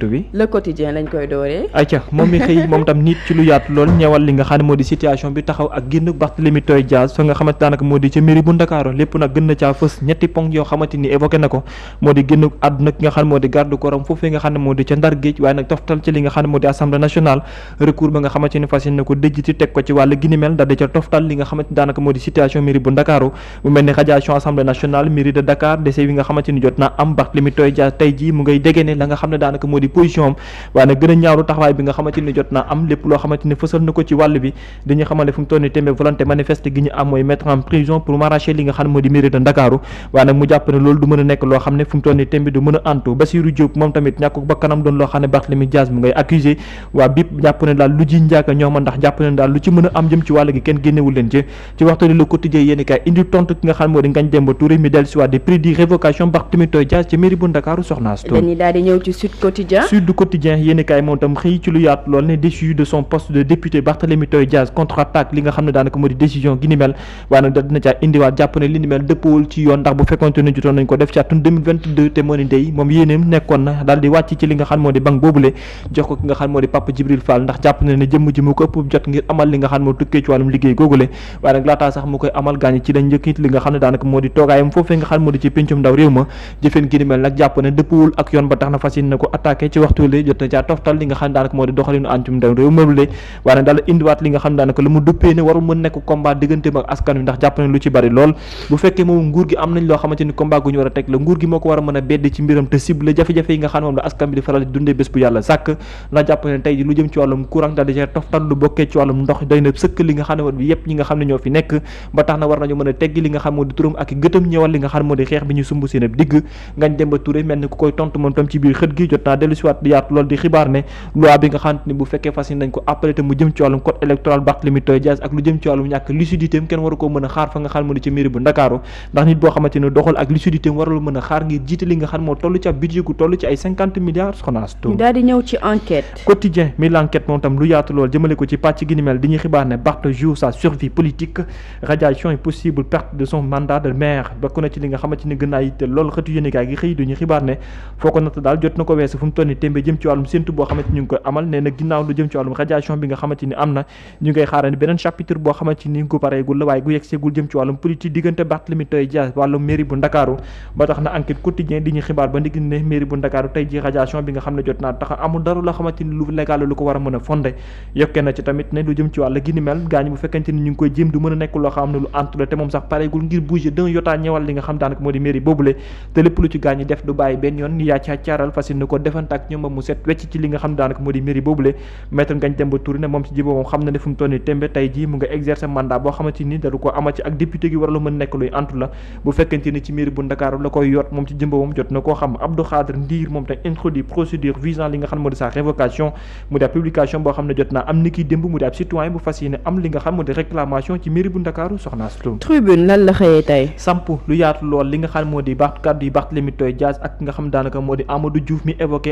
bi le lañ koy dooree acca moom mi xëy moom tam nit ci lu yaatu lool ñëwal li nga xam moo di situation bi taxaw ak génn Barthélemy Toye Dias fa nga xamante daanaka moo di ca mairie bu Ndakaaru lépp nag gën na fës ñetti ponk yoo xamante ni évoqué na ko moo di génn àdduna ki nga xam moo di garde koram foofu nga xam moo di ca Ndar waaye nag toftal ci li nga xam ne nationale recours ba nga xamante ni fas na ko di position am waaye nag gën a taxawaay bi nga xamante ni jot naa am lépp loo xamante ni fësal na ko ci wàll bi dañuy xamale fu mu toll ni tembe nga xam moo di mairie de ba kanam mi dellu si waat di prédit révocation Barthélemy Dias ci mairie Ndakaaru soxnaas quotidien du quotidien yéeni moom tam xëy ci lu yaatu lool ne déchu de son poste de député Barthélémy Toye contre-attaque li nga xam ne daanaka moo di décision gi waaye nag da moo di wàcc ci li nga xam moo di banque boobule jox ko ki nga xam moo di Papa Djibril Fall ndax jàpp ne ne jëmm ji mu ko ëpp jot ngir amal li nga xam moo tukkee ci wàllum liggéey googule waaye nag laataa sax mu koy amal gaañ ci dañ njëkkit li nga xam ne daanaka Mbàkke ci waxtu jot na caa toftal li nga xam daanaka moo di doxalinu ancum ndaw moom la waaye nag indiwaat li nga xam daanaka la mu duppee ne warul mën nekk combat digganteem ak lu ci bari lool moom nga xam ne teggi li nga xam moo di turam ak gëtam ñëwal li nga xam moo di xeex bi ñu sumb seen ab digg ngañ dem ba mel ni ku koy tontu moom tam ci biir xët gi jot naa dellu si yaatu loolu di xibaar ne loi bi nga xamante ni bu fekkee fas nañ ko appelé mu jëm ci wàllum code électoral Barthélémy Dias ak lu jëm ci wàllum ñàkk lucidité am kenn waru ko mën xaar fa nga xam ne ci mairie bu Ndakaaru ndax nit boo xamante ne doxal ak lucidité am warul mën a xaar ngir jiite li nga xam moo toll ci ay milliards soxnaas ñu daal ñëw ci enquête quotidien mi l'enquête survie politique radiation et possible toll ni témbé jëm ci wàllum séntu boo xamante ñu ngi koy amal ni am chapitre boo xamante ni ko pareegul la waaye gu yeggseegul jëm ci wàllum politique diggante Barthélemy Toye Dias wàllum mairie bu Ndakaaru bu Ndakaaru tey ji radiation bi nga xam ne jot naa tax amul dara la xamante ni lu légal lu ko war a mën a fondé na ci tamit ne lu jëm ci wàll gi ni bu fekkente ni ñu ngi koy jéem du mën a nekk loo xam ne lu antu te moom sax pareegul ngir jongante moom ci mairie moom jot na koo xam Abdou Khadre Ndiir moom tam introduit procédure visant li nga xam moo di réclamation ci mairie bu Ndakaaru soxnaa slo tribune lan la xëyee tey samp lu yaatu lool li nga xam moo di baax kàddu yi Barthélémy Toye Dias ak nga xam daanaka moo di Amadou Diouf mi évoqué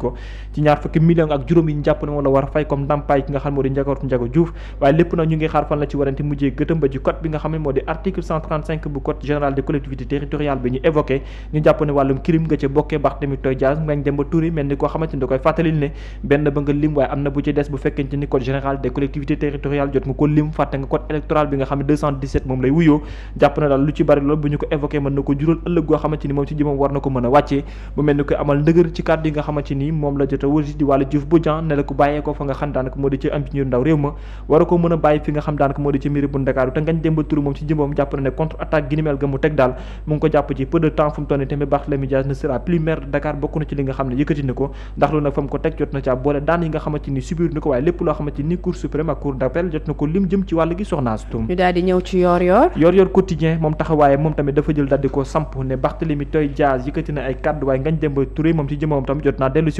ko ci ñaar fukki million ak juróom yi ñu jàpp moom la war fay comme ndàmpaay ki nga xam moo di njagartu njago Diouf waaye lépp nag ñu ngi xaar fan la ci warante mujjee gëtëm ba ci code général bi ñu évoqué ñu jàpp ne wàllum crime nga ca bokkee bax tamit tooy jaas ngañ dem ba turi mel ni koo xamante ni da koy benn ba nga lim waaye am na bu ci des bu fekkente ni code général des collectivités territoriales jot nga ko lim fàtte nga code électoral ni moom la jot a wërsi di jot ni ko lim jëm ci wàll gi soxna Astou ñu daal ñëw ci yor yor yor yor quotidien moom moom tamit dafa jël daal ko samp ne Barthélémy Toye Dias yëkkati na ay kàddu waaye ngañ démba turé moom ci jëmmam tam jot naa dellu si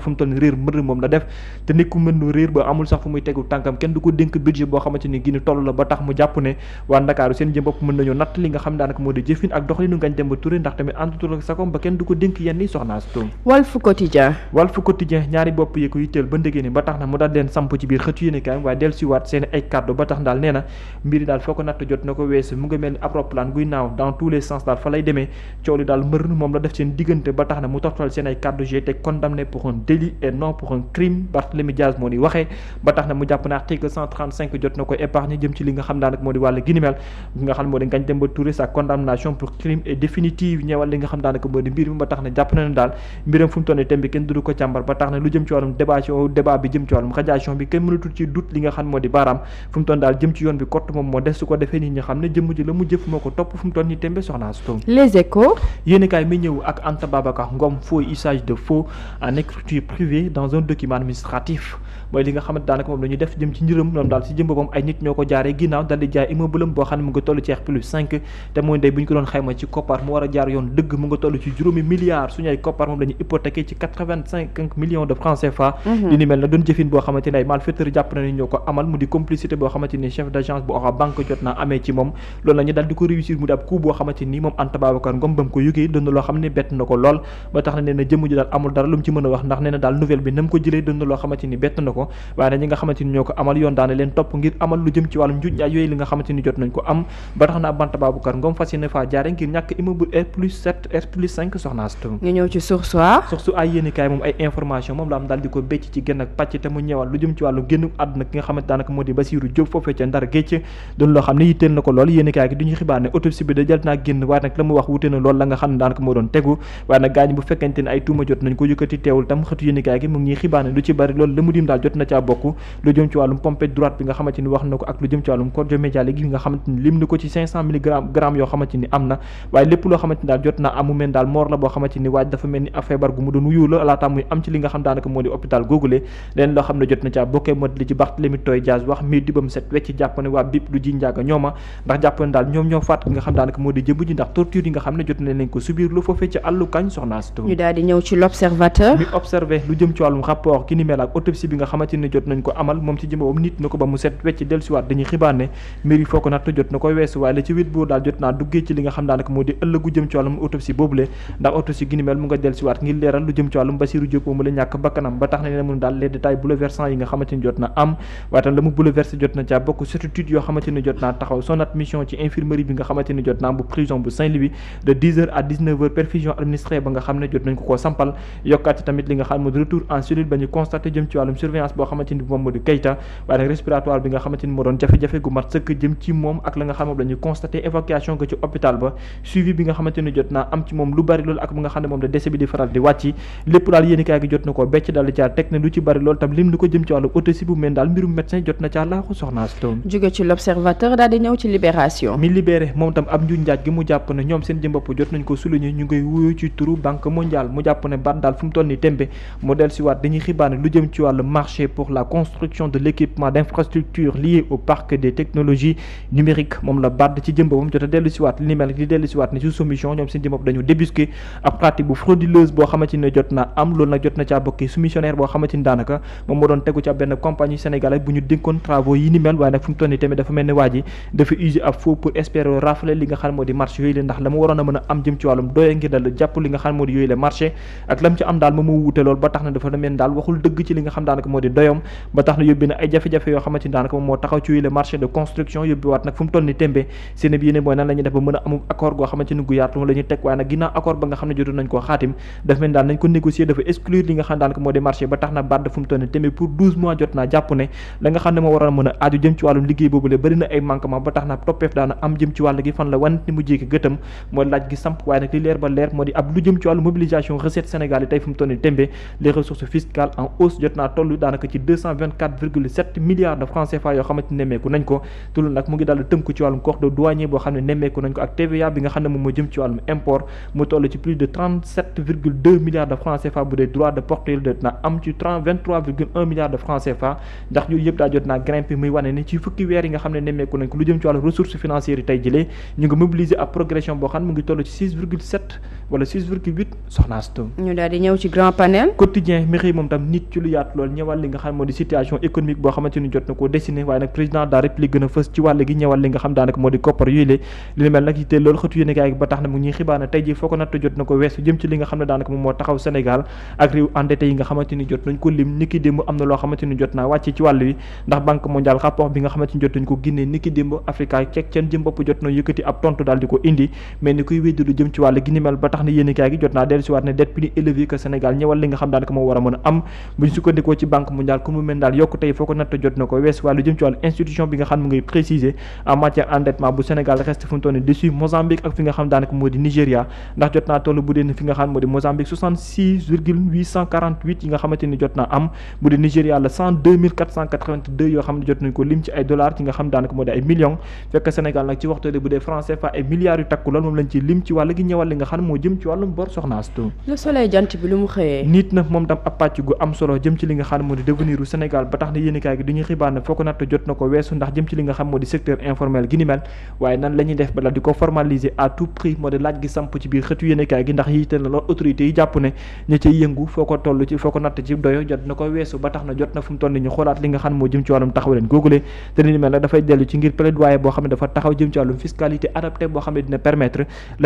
xam fu mu toll ni réer mbër moom la def te nit ku mën réer ba amul sax fu muy tegu tànkam kenn du ko dénk budget boo xamante ni gini toll la ba tax mu jàpp leen samp ci biir xëcc yéene kaayam waaye del siwaat seen ay kàddu ba tax daal nee mbiri daal foo ko natt jot na ko weesu mu nga mel ni ab roplaan guy naaw dans tous les sens daal fa lay demee coow daal mbër moom la def seen diggante ba tax na mu tortal seen ay kàddu jeté condamné pour délit et non pour un crime moo ni waxee ba tax na mu jàpp ne article jot na ko épargne jëm ci li nga xam daanaka moo di wàllu ginimel nga xam moo di Ngagne Demba Touré sa condamnation pour crime est définitive ñeewal li nga xam daanaka moo di mbir mi ba tax na jàpp na ne daal mbiram fu mu toll nii kenn dudu ko càmbar ba tax na lu jëm ci wàllum débat débat bi jëm ci wàllum radiation bi kenn mënatul ci doute li nga xam moo di baaraam fu structure privée dans un document administratif mooy li nga xamante daanaka moom la def jëm ci njëram moom daal si jëm boppam ay nit ñoo ko jaaree ginnaaw daal di jaay boo xam mu nga toll ci plus 5 te mooy ndey bu ñu ko doon xayma ci koppar mu war a jaar yoon dëgg mu nga toll ci juróomi milliards suñu ay koppar moom la ñu hypothéqué ci 85 millions de francs CFA mhm. li ni mel na doon jëfin boo xamante ne ay malfaiteur jàpp na ni ñoo ko amal mu di complicité boo xamante ko waaye nag ñi nga xamante ni ñoo ko amal yoon daana leen topp ngir amal lu jëm ci wàllum njuuj njaay yooyu li nga xamante ni jot nañ ko am ba na Banta Babacar Ngom fas yéene faa jaare ngir ñàkk immeuble ay information moom la am daal di ko bécc ci génn ak pàcc te mu ñëwal lu jëm ci wàllu génn àdduna ki nga xamante daanaka moo di Basiru Jóob foofee ca Ndar géej doon loo xam ne yitteel na ko lool yéenekaay gi du xibaar ne autopsie bi da jël naa génn jot na caa bokk lu jëm ci wàllum lu jëm ci wàllum cardiomégalie nga xamante ci ni wax na ko subir lu foofee ci àllu lu jëm ci wàllum ki ni mel ak autopsie bi nga xam xamante na mu nga xam daanaka ngir leeral lu jëm ci wàllum Bassirou Diop moomu la ñàkk bakkanam ba tax na ne daal les détails bouleversants yi nga xamante ni jot na am waaye tam la mu bouleversé jot na caa bokk certitude yoo xamante ni jot naa taxaw son admission ci infirmerie bi nga xamante ni jot naa bu prison bu Saint-Louis de 10h à 19h perfusion administrée ba nga xam ne jot nañ ko sampal yokkaat tamit li nga xam ne retour en cellule ba ñu constaté jëm ci wàllum urgence boo xamante ni moom moo di Keita waaye nag bi nga xamante ni moo doon jafe-jafe gu mat sëkk jëm ci moom ak la nga xam moom la ñuy constaté évacuation ci hôpital ba suivi bi nga xamante ni jot naa am ci moom lu bari loolu ak bu nga xam ne moom la décès bi di faral di wàcc lépp daal yéeni kaay gi jot na koo becc daal di caa teg na lu ci bari loolu tam lim lu ko jëm ci wàllu autopsie bu mel daal mbirum médecin jot na caa laaxu soxnaa si toom jóge ci marché pour la construction de l'équipement d'infrastructures liées au parc des technologies numériques moom la BAD ci jëm boppam jot a dellu waat li mel di dellu waat ne ci soumission ñoom seen jëm bopp dañu débusqué ab pratique bu frauduleuse boo xamante ne jot na am loolu nag jot na caa bokkee soumissionnaire boo xamante ni daanaka moom moo doon tegu ci benn compagnie sénégalaise bu ñu dénkoon travaux yi ni mel waaye nag fu mu toll tamit di ba tax na yóbbi na ay jafe-jafe yoo xamante ni moo taxaw ci le marché de construction yóbbiwaat nag nag ginnaaw accord ni témbee li leer ba en hausse jot naa toll daanaka daanaka ci deux de francs CFA yoo xamante nemmeeku nañ ko tulul nag mu ngi daal di tënku ci wàllum code douanier boo xam ne nemmeeku nañ ko ak TVA bi de trente sept bu dee droit de porte de na am ci milliard de francs CFA ndax yëpp daa jot naa grimpé muy wane ne ci fukki weer nga xam ne nemmeeku nañ ko lu jëm ci wàllu ressources financières yi tey jëlee ñu ngi mobiliser ab progression boo xam mu ngi toll ci six virgule sept wala six virgule ñëwal li nga xamante ni jot na ko lim niki démb am na loo xamante ni jot naa wàcc ci wàll wi ndax banque mondiale rapport bi nga xamante ni jot nañ ko génnee niki démb Africa ceeg seen jëm bopp jot na yëkkati ab tontu daal ko indi mais ni kuy wéddu jëm ci wàll gi ni mel ba tax na yéene gi jot naa dellusiwaat ne dette plus élevée que Sénégal ñëwal li nga xam daanaka moo war mën a am buñ sukkandikoo ci banque banque mondiale ku mu mel daal yokku tey foo ko natt jot na ko wees waaye jëm ci wàllu institution bi nga xam mu ngi préciser en matière bu Sénégal reste fu mu toll nii dessus ak fi nga xam daanaka moo dee Nigéria la yoo xam ne jot nañ ko lim ci ay dollars ci nga xam daanaka moo di ay millions fekk Sénégal nag ci waxtu bu dee franc CFA ay milliards yu takku lool moom lañ ci lim ci wàll gi ñëwal li nga xam moo jëm ci wàllum di Sénégal ba tax na yéenekaay gi di secteur informel foo ko natt jëm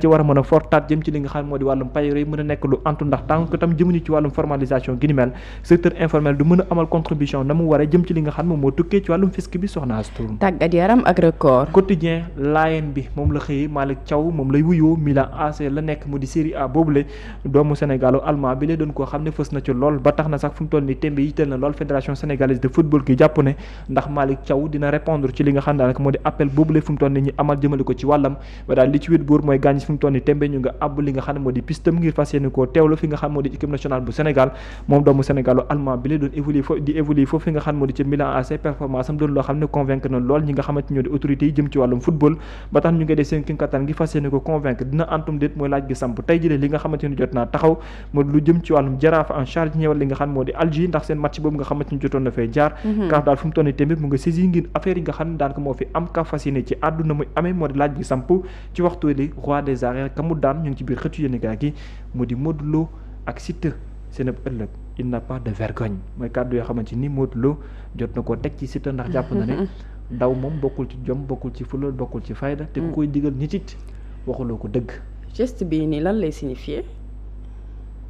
ci a mën a fortaat jëm ci li nga xam moo di wàllum payoor yi mën a nekk lu antu ndax tànk tam jëmuñu ci wàllum formalisation gi secteur informel du mën a amal contribution na mu waree jëm ci li nga xam moom moo tukkee ci wàllum fisc bi soxna Astour. tàggat yaram ak record. quotidien Laayeen bi moom la xëyee Malick Thiaw moom lay wuyoo Milan AC la nekk mu di Série A boobule lay doomu Sénégal allemand bi lay doon évoluer foofu di évoluer foofu nga xam moo di ci Milan AC performance am doon loo xam ne convaincre na lool ñi nga xamante ñoo di autorités yi jëm ci wàllum football ba tax ñu ngi dee seen kinkataan gi fas yéene ko convaincre dina antum déet mooy laaj gi samp tey jëlee li nga xamante ni jot naa taxaw moo lu jëm ci wàllum jaraaf en charge ñëwal li nga xam moo di Alger ndax seen match boobu nga xamante ni jotoon na fay jaar mhm. kaaf fu mu toll nii tamit mu nga il n'a pas de vergogne mooy kàddu yoo xamante ni Modou Lo jot na ko teg ci Siteu ndax jàpp na ne daw moom bokkul ci jom bokkul ci fulal bokkul ci fayda te ku mm. koy digal nit it waxuloo ko dëgg geste bii nii lan lay signifier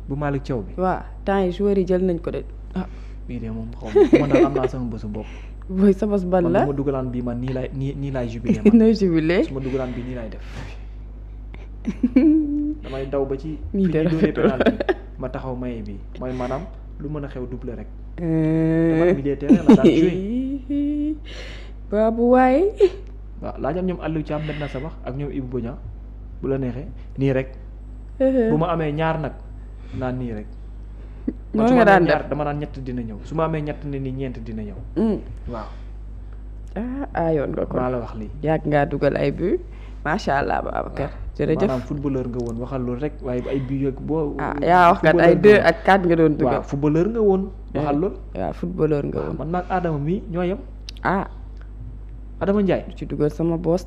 bu Malick Thiaw bi waaw temps yi joueurs yi jël nañ ko de ah bii de moom xaw ma daal am naa sama bësu bopp booy sa bos ban la ma dugalaan bii ma nii laay nii nii laay jubilé ma nooy jubilé su dugalaan bii nii lay def damay daw ba ci fi ma taxaw maye bi mooy maanaam lu mën a xew double rek. Eh. dama militaire la daan joué. baabu waaye. waaw laajal ñoom Aliou Thiam met na sabax ak ñoom Ibou Boña bu la neexee nii rek. Eh. bu ma amee ñaar nag naan nii rek. noonu nga daan def dama ñett dina ñëw su ma amee ñett ne ni ñeent dina ñëw. Mm. waaw. ah nga kon maa la wax lii. yàgg ngaa dugal ay bu macha allah Babacar. jërëjëf maanaam footballeur nga woon waxal loolu rek waaye ay bii yeeg boo. ah yaa wax ay deux ak quatre nga doon dugal. waaw footballeur nga woon. Eh, waxal loolu waaw footballeur nga ah, woon. man maag Adama mi ñoo yem. ah. Adama Ndiaye. ci dugal sama boos.